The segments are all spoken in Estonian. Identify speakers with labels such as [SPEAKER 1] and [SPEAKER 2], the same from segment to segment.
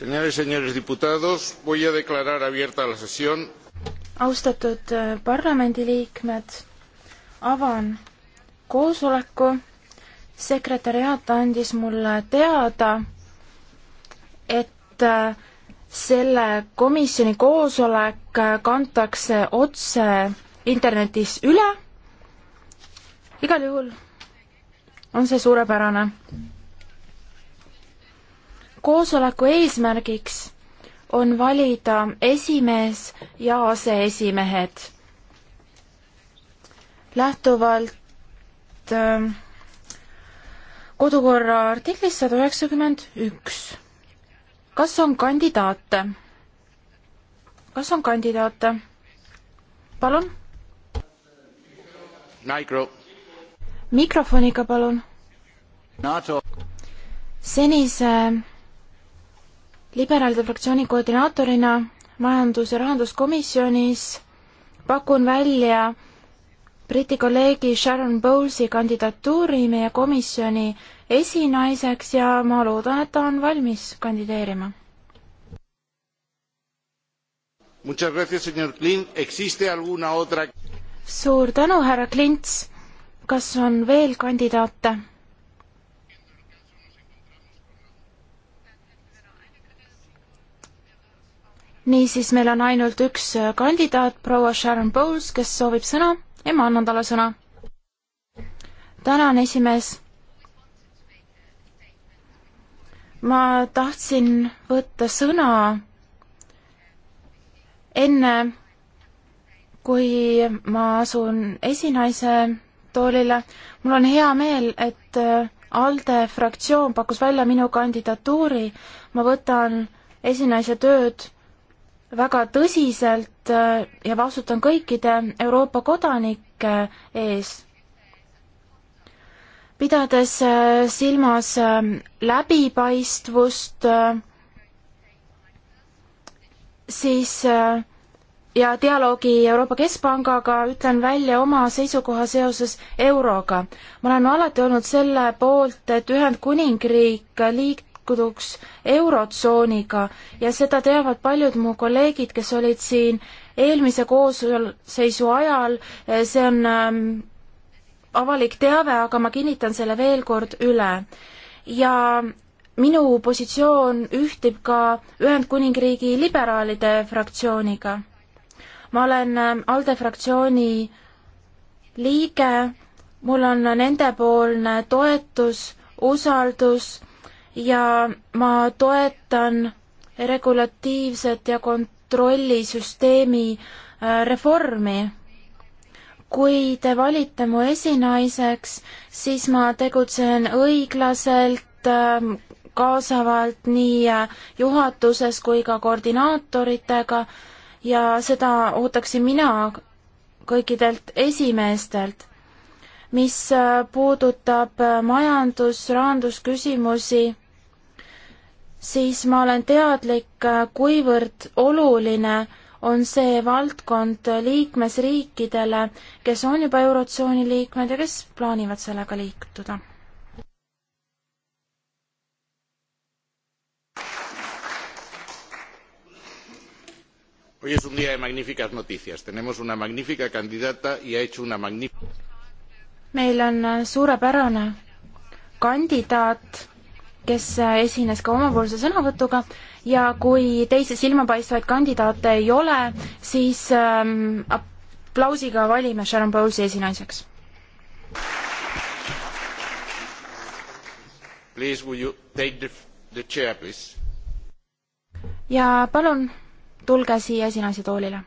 [SPEAKER 1] Señores, señores diputados, voy a declarar abierta la sesión. austatud eh, parlamendiliikmed, avan koosoleku. sekretäriaat andis mulle teada, et eh, selle komisjoni koosolek eh, kantakse otse internetis üle. igal juhul on see suurepärane koosoleku eesmärgiks on valida esimees ja aseesimehed. lähtuvalt äh, kodukorra artiklist sada üheksakümmend üks. kas on kandidaate? kas on kandidaate? palun. mikrofoniga palun. senise äh, liberaalide fraktsiooni koordinaatorina majandus- ja rahanduskomisjonis pakun välja Briti kolleegi Sharon Bowlesi kandidatuuri meie komisjoni esinaiseks ja ma loodan, et ta on valmis kandideerima. suur tänu, härra Klints. kas on veel kandidaate? niisiis, meil on ainult üks äh, kandidaat, proua Sharon Bowles, kes soovib sõna ja ma annan talle sõna. tänan, esimees. ma tahtsin võtta sõna enne, kui ma asun esinaise toolile. mul on hea meel, et äh, ALDE fraktsioon pakkus välja minu kandidatuuri. ma võtan esinaise tööd väga tõsiselt äh, ja vastutan kõikide Euroopa kodanike äh, ees. pidades äh, silmas läbipaistvust, siis ja dialoogi Euroopa Keskpangaga ütlen välja oma seisukoha seoses euroga. me oleme alati olnud selle poolt, et Ühendkuningriik liik-, katkuduks Eurotsooniga ja seda teavad paljud mu kolleegid, kes olid siin eelmise koosseisu ajal, see on ähm, avalik teave, aga ma kinnitan selle veel kord üle. ja minu positsioon ühtib ka Ühendkuningriigi liberaalide fraktsiooniga. ma olen ähm, ALDE fraktsiooni liige, mul on nendepoolne toetus, usaldus ja ma toetan regulatiivset ja kontrollisüsteemi äh, reformi. kui te valite mu esinaiseks, siis ma tegutsen õiglaselt, äh, kaasavalt nii äh, juhatuses kui ka koordinaatoritega ja seda ootaksin mina kõikidelt esimeestelt mis äh, puudutab äh, majandus, rahandusküsimusi, siis ma olen teadlik, äh, kuivõrd oluline on see valdkond liikmesriikidele, kes on juba Eurotsooni liikmed ja kes plaanivad sellega liituda hoy es un día de magníficas noticias tenemos una magnífica candidata y ha hecho una magnífica meil on äh, suurepärane kandidaat, kes äh, esines ka omapoolse sõnavõtuga ja kui teisi silmapaistvaid kandidaate ei ole, siis ähm, aplausiga valime Sharon Bowlesi esinaiseks. Please will you take the, the chair please? ja palun tulge siia esinaise toolile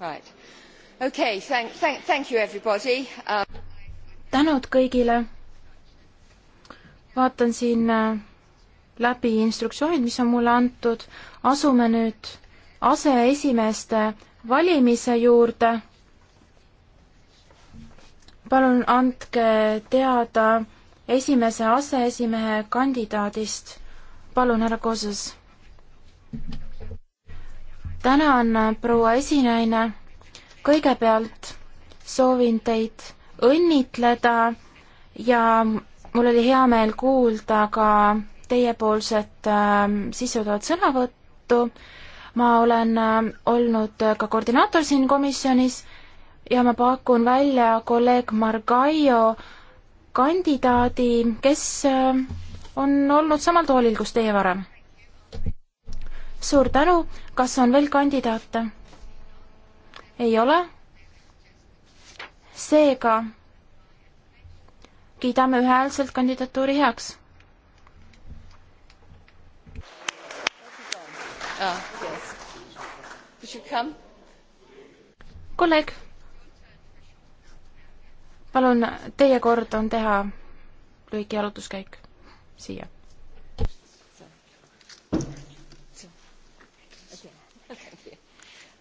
[SPEAKER 1] Right. Okay, thank, thank, thank you everybody um.... tänud kõigile. vaatan siin äh, läbi instruktsioonid, mis on mulle antud. asume nüüd aseesimeeste valimise juurde. palun andke teada esimese aseesimehe kandidaadist. palun, härra Koses tänan, proua esinaine. kõigepealt soovin teid õnnitleda ja mul oli hea meel kuulda ka teiepoolset äh, sissejuhatavat sõnavõttu. ma olen äh, olnud ka koordinaator siin komisjonis ja ma pakun välja kolleeg Margaio kandidaadi, kes äh, on olnud samal toolil, kus teie varem suur tänu, kas on veel kandidaate? ei ole. seega kiidame ühehäälselt kandidatuuri heaks. Ah, kolleeg, palun, teie kord on teha lühike jalutuskäik siia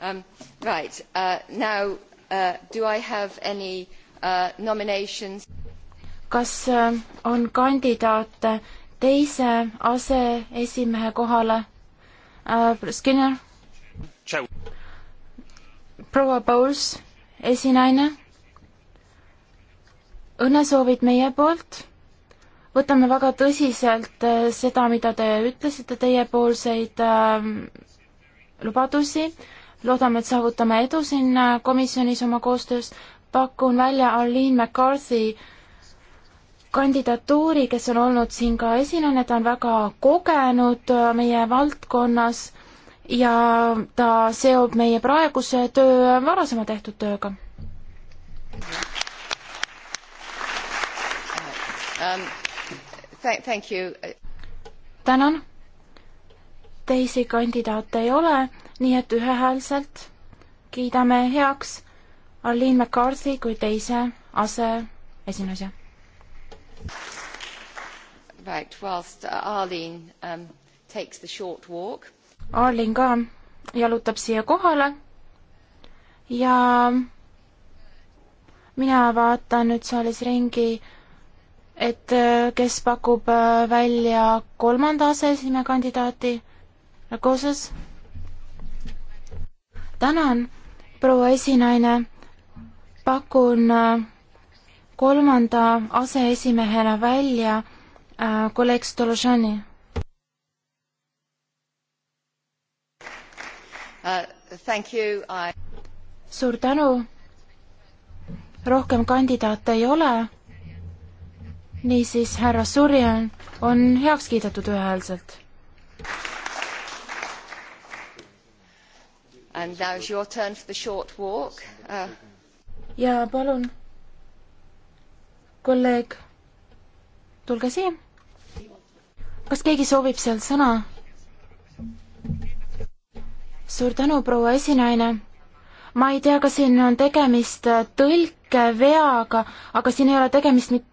[SPEAKER 1] Um, right. Uh, now, uh, do I have any uh, nominations? kas uh, on kandidaate teise aseesimehe kohale? Uh, Skinner? proua Pauls, esinaine. õnnesoovid meie poolt. võtame väga tõsiselt uh, seda, mida te ütlesite, teiepoolseid äh, lubadusi loodame, et saavutame edu siin äh, komisjonis oma koostöös. pakun välja Arlene McCarthy kandidatuuri, kes on olnud siin ka esinejana, ta on väga kogenud äh, meie valdkonnas ja ta seob meie praeguse töö äh, varasema tehtud tööga. Um, tänan. teisi kandidaate ei ole nii et ühehäälselt kiidame heaks Arlene McCarthy kui teise aseesinaise. Right, whilst Arlene um, takes the short walk. Arlene ka jalutab siia kohale ja mina vaatan nüüd saalis ringi, et äh, kes pakub äh, välja kolmanda aseesimehe kandidaati. Rakooses? tänan, proua esinaine. pakun äh, kolmanda aseesimehena välja äh, kolleeg Stoložani uh,. I... suur tänu. rohkem kandidaate ei ole. niisiis, härra Surjan on heaks kiidetud ühehäälselt And now is your turn for the short walk uh.... ja palun, kolleeg, tulge siia. kas keegi soovib seal sõna? suur tänu, proua esinaine. ma ei tea, kas siin on tegemist äh, tõlkeveaga, aga siin ei ole tegemist mit-,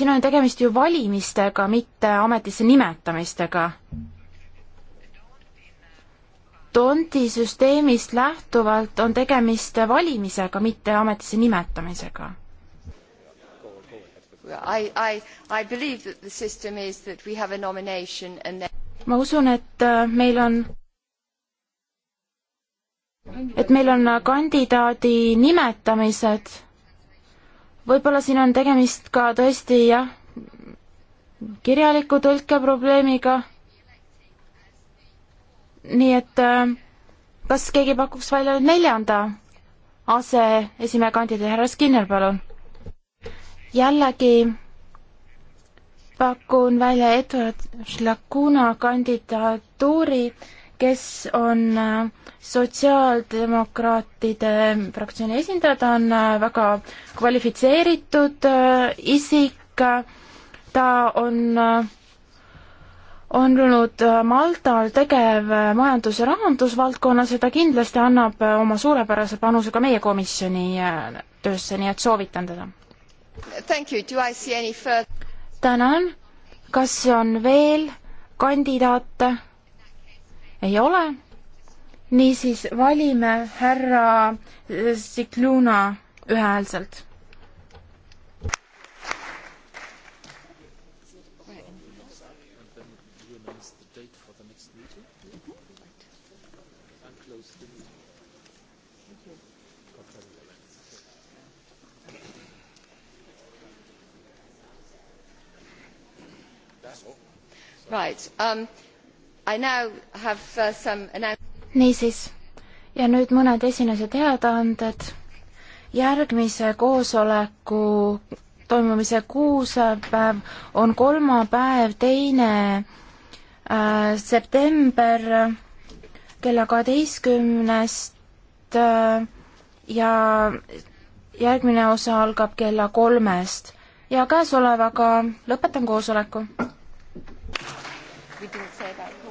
[SPEAKER 1] siin on tegemist ju valimistega, mitte ametisse nimetamistega Tonti süsteemist lähtuvalt on tegemist valimisega, mitte ametisse nimetamisega. Then... ma usun, et äh, meil on, et meil on äh, kandidaadi nimetamised. võib-olla siin on tegemist ka tõesti jah, kirjaliku tõlke probleemiga nii et äh, kas keegi pakuks välja nüüd neljanda aseesimehe kandidaadi, härra Skinner, palun. jällegi pakun välja Eduard Šlakuna kandidatuuri, kes on äh, sotsiaaldemokraatide fraktsiooni esindaja, ta on äh, väga kvalifitseeritud isik, ta on äh, on olnud äh, Maltal tegev äh, majandus- ja rahandusvaldkonnas ja ta kindlasti annab äh, oma suurepärase panuse ka meie komisjoni töösse, nii et soovitan teda. tänan, kas on veel kandidaate? ei ole? niisiis valime härra Sikluna ühehäälselt Right. Um, uh, some... niisiis ja nüüd mõned esinese teadaanded järgmise koosoleku toimumise kuusepäev on kolmapäev teine äh, september kella kaheteistkümnest Äh, ja järgmine osa algab kella kolmest ja käesolevaga lõpetan koosoleku. We didn't say that.